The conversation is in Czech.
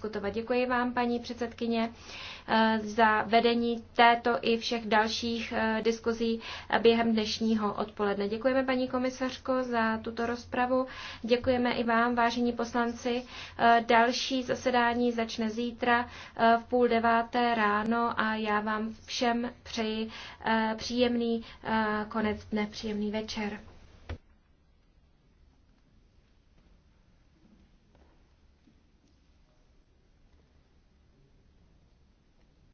diskutovat. Děkuji vám, paní předsedkyně, eh, za vedení této i všech dalších eh, diskuzí během dnešního odpoledne. Děkujeme, paní komisařko, za tuto rozpravu. Děkujeme i vám, vážení poslanci. Eh, další zasedání začne zítra v půl deváté ráno a já vám všem přeji příjemný konec dne, příjemný večer.